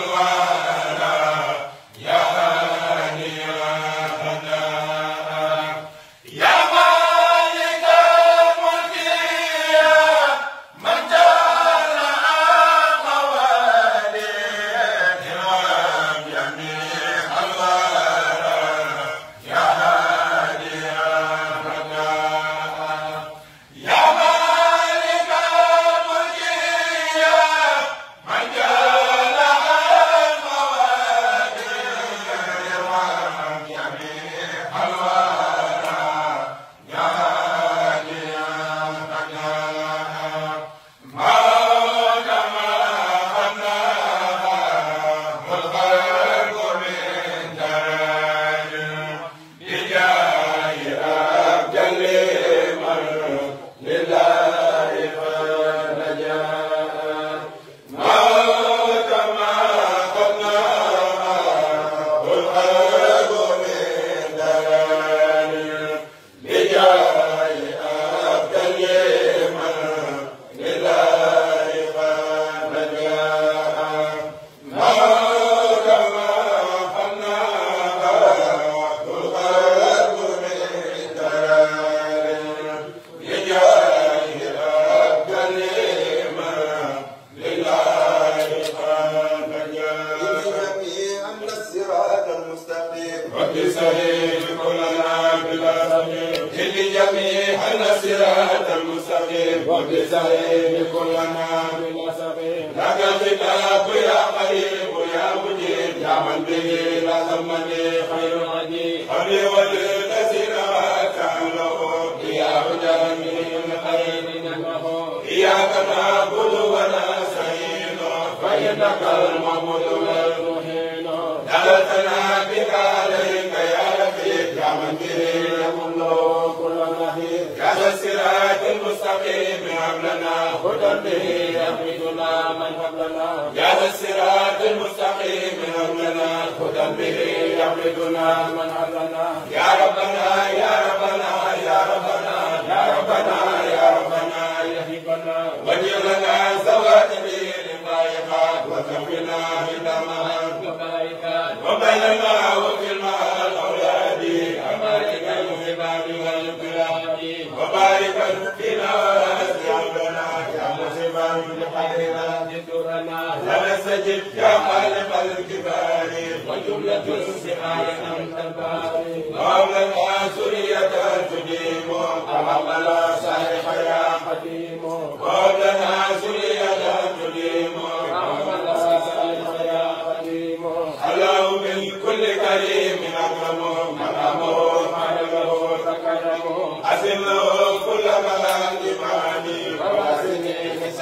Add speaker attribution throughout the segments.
Speaker 1: Allah. وبسرير كلنا بلا سبيل إلى جميع الصراط المستقيم وبسرير كلنا بلا سبيل لك الكتاب يا قريب يا مجيب يا من به لا تمني خير العجيب خير والذين كان له يا هدى من خير نحوه إياك نعبد ونستعين فإنك المعبود والمهين دلتنا الكريم عملنا هدى به يهدنا من قبلنا يا الصراط المستقيم عملنا هدى به يهدنا من قبلنا يا ربنا يا ربنا يا ربنا يا ربنا يا ربنا
Speaker 2: يهدنا وجعلنا سواتبي لما يخاف وتقنا عندما وبيننا وبين
Speaker 1: تجد كمال الكبار وجملة السماء أنت الباري قبل الآسرية تجيب أمام لا صالح يا حكيم قبل الآسرية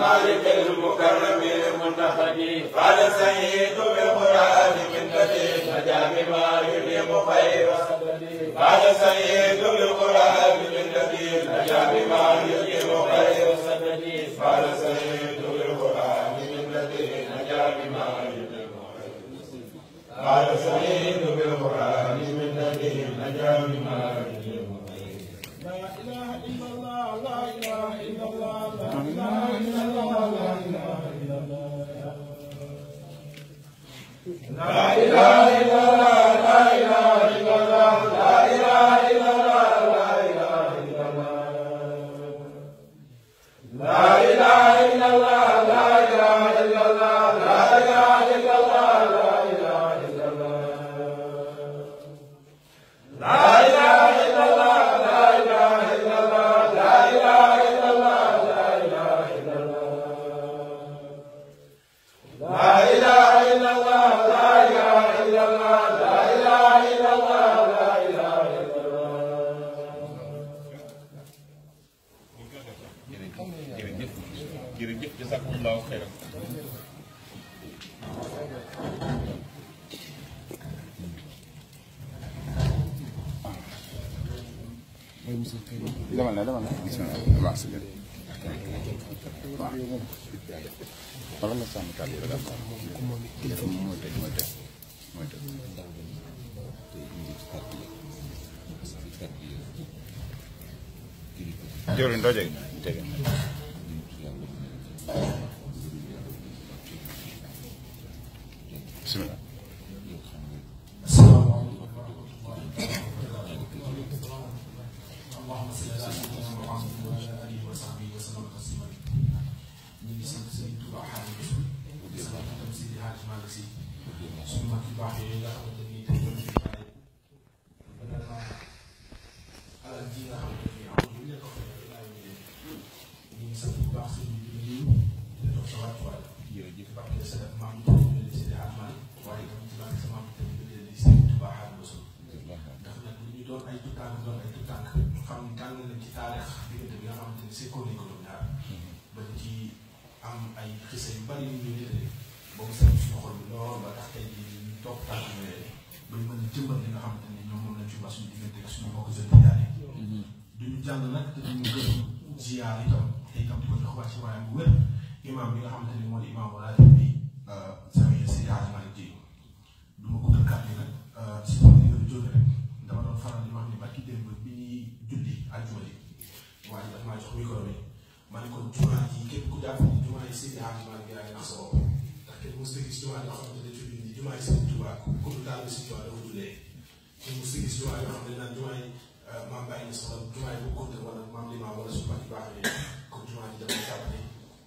Speaker 1: مالك المكرم المنتخب قال سيد بالقران من نبي مدام ما يلم خير قال سيد بالقران من نبي مدام ما يلم خير قال سيد بالقران من نبي مدام ما يلم قال سعيد بالقران من نبي مدام ما يلم خير لا اله الا الله لا اله الا الله Dai-nos
Speaker 2: jërëjëf jazakumullahu xeyran demal na demal na bismillah waaw si gën waaw wala nga sànni kàddu yi daal mooy teg mooy teg mooy teg jëwriñ doo jege tege mag yu baax yooyu nga xamante ni tey jii ñu bàyyi vraiment alal ji nga xamante ni amul lu ñu leen ko xamee laay wéyee ñu ngi sant bu baax sëñ bi di nuyu di toog sa wàccuwaay jërëjëf parce que sa maam yi tamit ñu leen si almaan waaye tamit ci barke sa maam tamit ñu leen di sëñ Tuubaa Xaadimu Rasuul ndax nag ñu doon ay tutànk doon ay tutànk xam ne tàng nañ ci taarix diggante bi nga xamante ni sekkoo nañ ko ñoom ñaar ba ci am ay xisa yu bari yu ñu nit ba mu seet suñu xol bi lool ba tax tey jii toog taxawee bay mën a jëmbat li nga xamante ni ñoom moom lañ ci wax suñu diggante ak suñu mbokk seen tijaane duñu jàng nag te duñu gërëm ziyaar itam te itam di ko jox wàcc waaye bu wér imaam bi nga xamante ni moo di imaam wala bi sami si Hadj Malick Dieng du ma guddal kàddu yi nag si sama digal jóge rek dama doon faral di wax ni barki démb bi ñuy julli àjjuma ji waaye daf maa jox micro bi ma ne kon jumaa ji képp ku jàpp ni jumaa yi si Hadj Malick yaa ngi nax sa bopp ndax kenn mos a gis jumaa yoo xamante ne julli jumaay Sëriñ Tuubaa ku du taal bi Sëriñ Tuubaa dafa jullee ñu mu si gis jumaa yoo xam ne naan jumaay euh, maam bàyyi ni soxla jumaay bu konte wala maam limaa wala su baax baax ne comme jumaa ji dama jàpp ne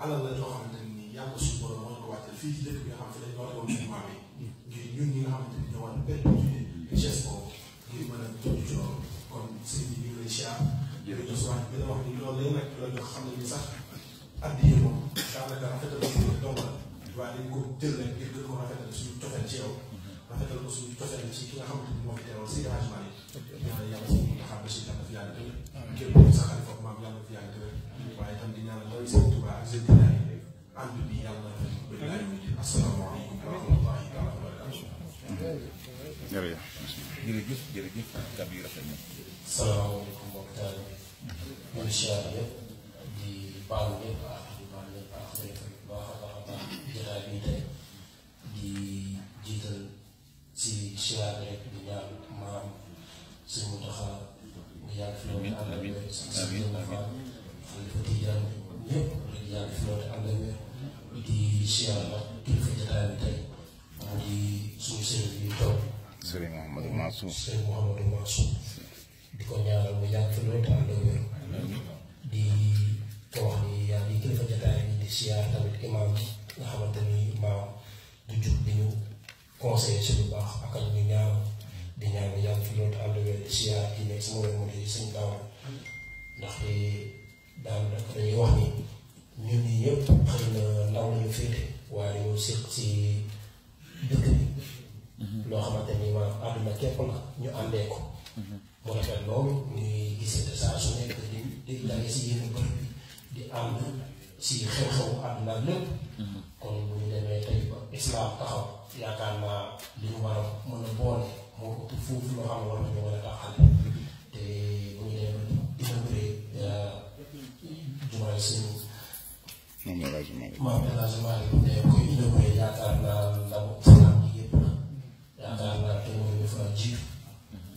Speaker 2: alal la joo xamante ni yàlla suñu borom moo ñu ko wàccal fii ci dëkk bi nga xam ne dañ war a woon jumaa bi ngir ñun ñi nga xamante ni ñoo war a benn julee richesse boobu ngir mën a jot ci loolu kon sëñ bi ñu ngi lay siyaar jërëjëf wax ni loolu lay nag la ñu xam ne ni sax addiye moom daanaka rafet suñu cofeel ci yow rafetal ko suñu cofeel ci ki nga xamante ni moo fi teewal si daaj maay ñaan yàlla suñu taxaw ba si yàlla fi yàgg tamit képp ku
Speaker 1: sa xarit foofu maam yàlla fi yàgg tamit waaye tam di ñaanal loolu seen tuba ak seen dinaay ànd bi yàlla billaay asalaamaaleykum wa rahmatullahi taala wa barakatuh jërëjëf jërëjëf jërëjëf kàddu yi rafet na salaamaaleykum
Speaker 2: mbokk taal bi ñu siyaar yëpp di baalu yëpp Mansour sëñ Mouhamadou Mansour di ko ñaanal mu yàgg fi loolu tam loo wér di ko wax ni yaa di kilifa jataay bi di siyaar tamit imaam bi nga xamante maam du jub di ñu conseillé si lu baax ak ak ñaan di ñaan ma yàgg fi loolu tam loo di siyaar di nekk sama wér mu di sëñ Bawal na ndaw lañu féete waaye dañoo séq si dëkk loo xamante ni maanaam àdduna képp la ñu àndee ko. mu rafet loolu ñuy gisante saa su di di si yenn bërëb di ànd si xew-xewu àdduna lépp. kon bu ñu demee tey ba islam taxaw yaakaar naa li ñu war a mën boole moo ëpp foofu loo xam war nañu mën a taxale bu ñu inauguré yaakaar la jiitu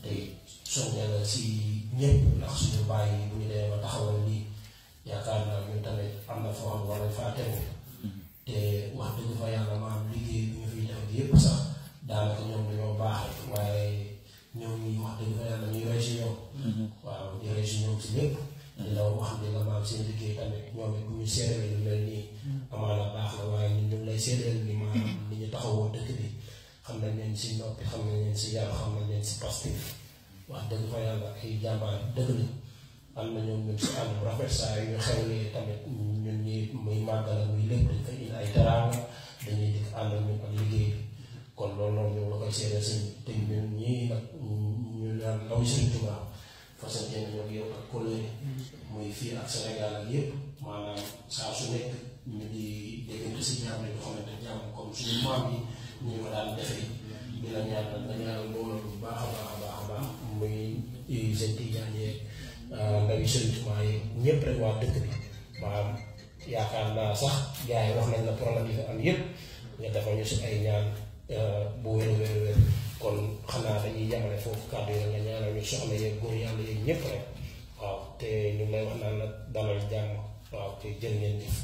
Speaker 2: te soññee na si ñëpp ndax suñu bàyyi bu ñu demee ba taxawal lii yaakaar naa ñun am na foo xam war nañ faa tegu mm-hmm. te wax dëgg fa yàlla ma am liggéey bu ñu fiy yëpp sax. dëgg la am na ñoom ñu ci am rafet saa yu xew nii tamit ñun ñi muy màggal muy lépp dañ fay indi ay teraanga dañuy dikk ànd ak ñun ak liggéey bi kon loolu noonu ñu la koy seedeel sëñ te ñun ñii nag ñu naan ndaw sëñ Tuubaa façon kenn ñoo yow ak kóllëre muy fii ak Sénégal ak yëpp maanaam saa su nekk ñu di déggante si jàmm yoo xamante jàmm comme suñu maam yi ñu ko daan defee di la ñaanal nga ñaanal bu baax baax baax baax muy seen tijaan ndawi euh, Sëriñ Tuubaa yi ñëpp rek waa dëkk bi maanaam yaakaar naa sax gars yi wax nañ la problème yi nga am yëpp nga dafa si ay ñaan euh, bu wér wér wér kon xanaa dañuy yemale foofu kàddu yi nga ñaanal ñu soxla yeeg góor yàlla yeeg ñëpp rek waaw te ñu lay wax naan nag dalal jàmm waaw te jël ngeen jëf